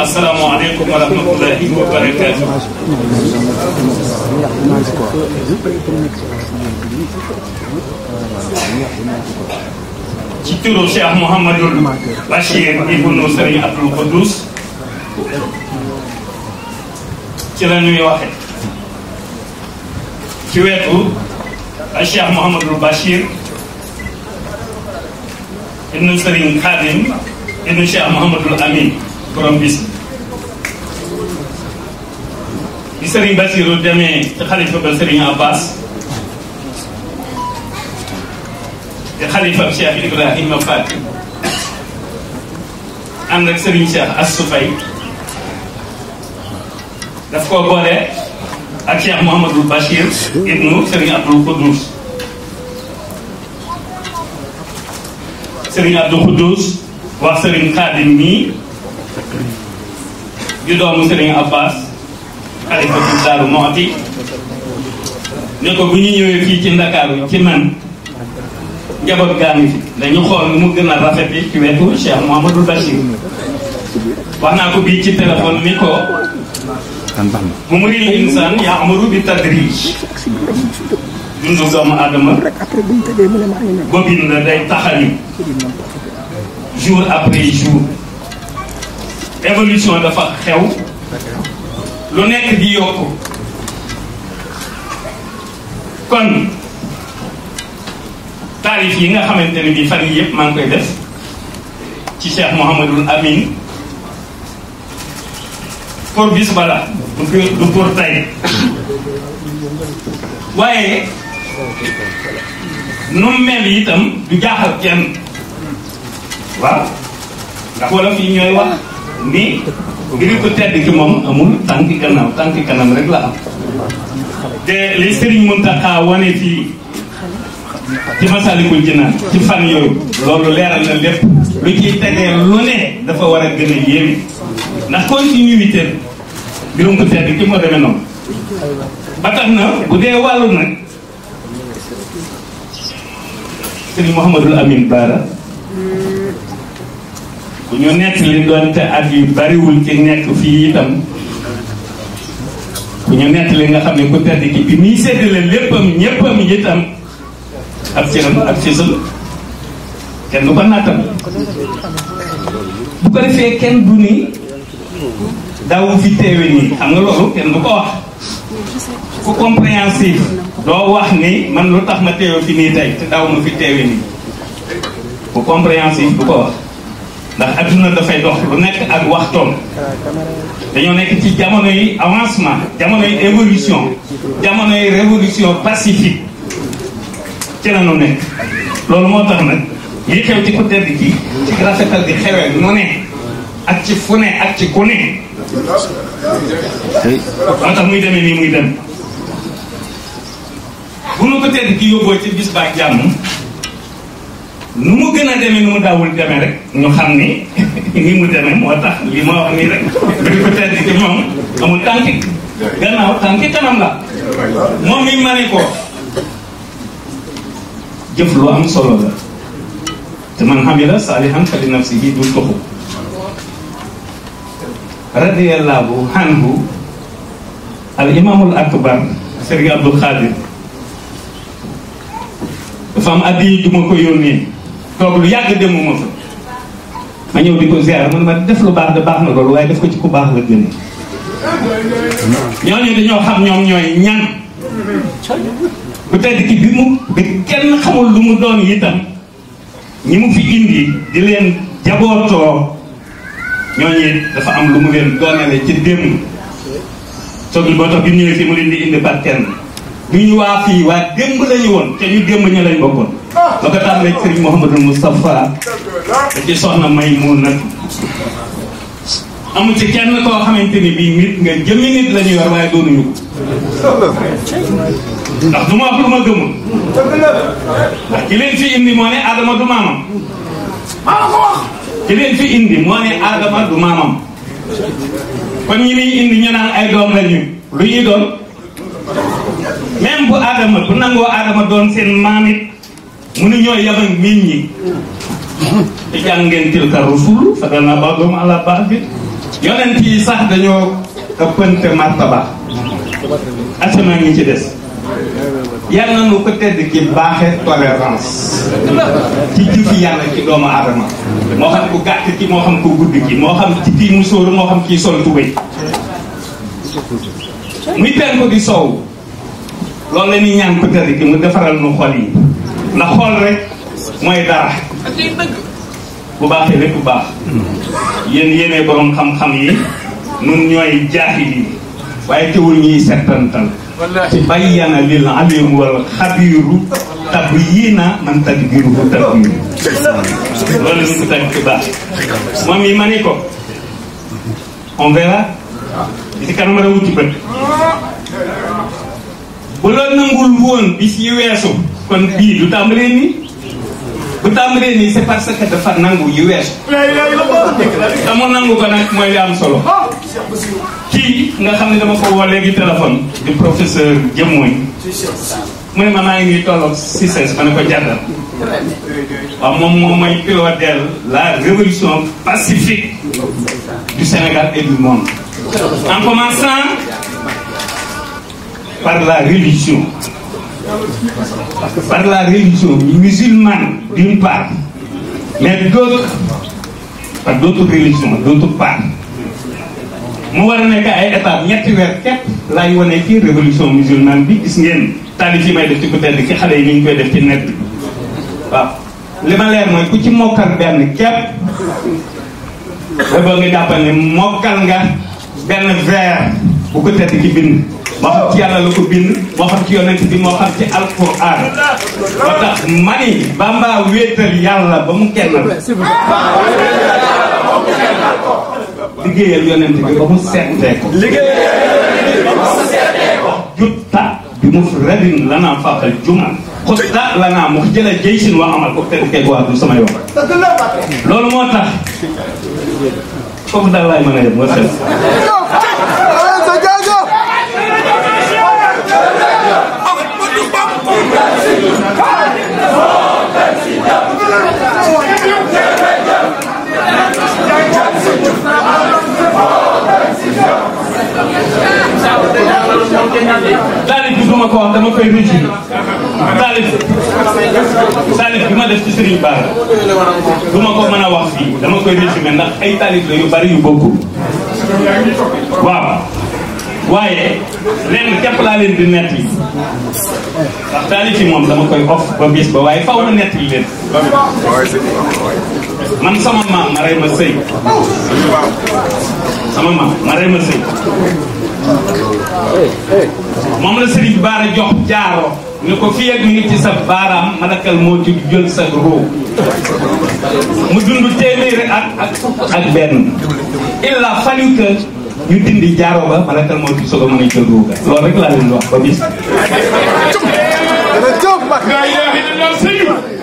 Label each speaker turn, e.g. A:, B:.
A: asalaamaaleykum wa rahmatullahi wa barakaatu. ci turu Cheikh Mouhamadul Bachir ibnu Sëriñ Abdul Quddus ci la ñuy waxe ci wetu Cheikh Mouhamadul Bachir ibnu Sëriñ Xaadim ibnu Cheikh Mouhamadul Amin borom bis bi Serigne Bassirou demee ci xalifa ba Serigne Abbas te xalifa Cheikh Ibrahima Faty ànd ak Serigne Cheikh Assou Faye daf koo boole ak Cheikh Mouhamadou Bachir ibnu Serigne Abdou Khoudous Serigne Abdou Khoudous wax Serigne Khadim mii di doomu Serigne Abbas xalifatul Daaru Muxti ne ko bu ñu ñëwee fii ci Ndakaaru ci man njaboot gaa ngi fi dañu xool mu gën a rafetee ci wetu Cheikh Mouhamadou Bachir wax naa ko bii ci téléphone ni ko bu mu rii yaa amaru bi tadrij dundu doomu aadama après jour évolution dafa xew lu nekk di yokku kon taarif yi nga xamante ne bi fan yi yëpp maa ngi koy def ci Cheikh Mouhamadul Amin pour bis bala du tay waaye nu mel itam du jaaxal kenn waaw ndax wala fii ñooy wax ni ngir ku tedd ki moom amul tànki kanam tànki kanam rek la am te li Serigne Mountakha wane ci ci Massalikul Jinaan ci fan yooyu loolu leeral na lépp lu ciy tegee lu ne dafa war a gën a yéeme ndax continuité mbirum ku tedd ki moo demee noonu ba na bu dee wàllu nag Serigne Mouhamadul Amin Bara bu ñu nekk li doonte at yu bariwul ci nekk fii itam bu ñu nekk li nga xam ne ku tedd ki bi muy séddale léppam ñéppam itam ab cëram ak fisa la kenn du ko nattam bu ko defee kenn du ni daawu fi teewe nii xam nga loolu kenn du ko wax ku compréhensif doo wax ni man lu tax ma teewe fi nii tey te daaw ma fi teewe nii ku compréhensif du ko wax ndax adduna dafay dox lu nekk ak waxtoom dañoo nekk ci jamono yi avancement jamono yi évolution jamono yi révolution pacifique ci la ñu nekk loolu moo tax nag li xew ci ku tedd gi ci rafetal gi xewee nu ak ci fu ne ak ci ku ne moo tax muy demee nii muy dem bu nu ko tedd gi yóbboo ci bis baa jàmm nu mu gën a demee nu mu daawul demee rek ñu xam ni ni mu demee moo tax li ma wax nii rek bi ko tedd ci moom amul tànki gannaaw tànki kanam la moom mi ma ko jëf lu am solo la te man xamila saalihan fa li nafsihi du toxu radiyallahu anhu al imaamul akbar Serigne Abdou Khadir dafa am yi du ma ko yónnee toog lu yàgg demuma fa ma ñëw di ko ziar man ma def lu baax de baax na loolu waaye def ko ci ku baax la gën ñooñu dañoo xam ñoom ñooy ñan bu tedd ki bi mu bi kenn xamul lu mu doon itam ñi mu fi indi di leen jabootoo ñooñu dafa am lu mu leen doonale ci démb soogul boo tax bi ñëwee fii mu leen di indi par biñu wa fi wa waa lañu won te ñu démb ñu lañ bokkon baka tamé tàmbalee mohammed mustafa ci soxna may mu nag amu ci kenn ko xamanteni bi nit nga jëmi nit lañu yor way doonu ñu ndax duma ko ma gëmu ndax ki leen fi indi mo ne Adama du maamam maa ko wax ki leen fi indi mo ne Adama du mamam kon ñi muy indi ñaan ay doom lañu lu ñi doon même bu adama bu nangoo adama doon sen maamit munu ñoy yaba min ñi te jàng ngeen tilka rusulu fadana baadum ala ba yonent yonenti sax dañu ëppante martaba asama ngi ci des yàlla nu ko tedd ki baxé tolérance ci jufi yalla ci doomu adama mo xam ku gatt ki mo xam ku gudd ki mo xam ci ti mo xam ki sol muy ko di lool la ñuy ñaan ku tëdd ki mu defaral nu xol yi ndax xol rek mooy dara bu baaxee rek bu baax yéen yéenee borom xam-xam yi nun ñooy jaahil yi waaye teewul ñuy settantal bayyana lil alim wal xabiru tabyina man tadbiruhu tadbiru loolu ñu ko tàgg bu baax moom yi ma ni ko on verra si kanam a wuti bët bu la nangul woon bi ci weesu kon bi du tàmbalee ni bu tàmbalee ni c'est parce que dafa nangu yu weesu dama ya, ya, ya, nangu ko nak moy li am solo ki nga xamni dama ko woo léegi téléphone di professeur jëmmooy mu ne ma ngi tolo sises ma ne ko jàddal wa mom mo may pilotel la révolution pacifique du Sénégal et du monde en commençant par la religion. Par la religion musulmane d'une part, mais d'autres, par d'autres religions, d'autre part. mu war a nekk ay étapes ñetti weer képp laay révolution musulmane bi gis une taalif yi may def ci ku tedd une xale de ni ñu koy def ci net bi waaw li ma leer mooy ku ci mokkal benn képp da boo moo xam ci yàlla la ko bind moo ci yonent bi moo xam ci alquran moo tax mani bamba wéetal yàlla ba mu kennal liggéeyal yonent bi ba mu ko bi mu rabin lana faqal juma xusta lana mu jëla jeysin wa amal ko waa du sama yoon loolu moo tax foofu daal laay mën a Serigne Bara du ma ko mën a wax fii dama koy résumé ndax ay taalibe yu bari yu bokkul waaw waaye lenn képp laa leen di nett yi ndax taalibe moom dama koy off ba bis ba waaye faw na nett yi leen man sama maam ma rey ma sëy sama maam ma rey ma sëy moom la Serigne Bara jox jaaro ni ko fii ak ngi ci sa malakal moo ci jël sa mu dund téeméeri at ak ak benn il a fallu que ñu dindi jaaroo ba malakal moo ci soog a mën a jël ruu ga loolu rek laa leen wax ba bis.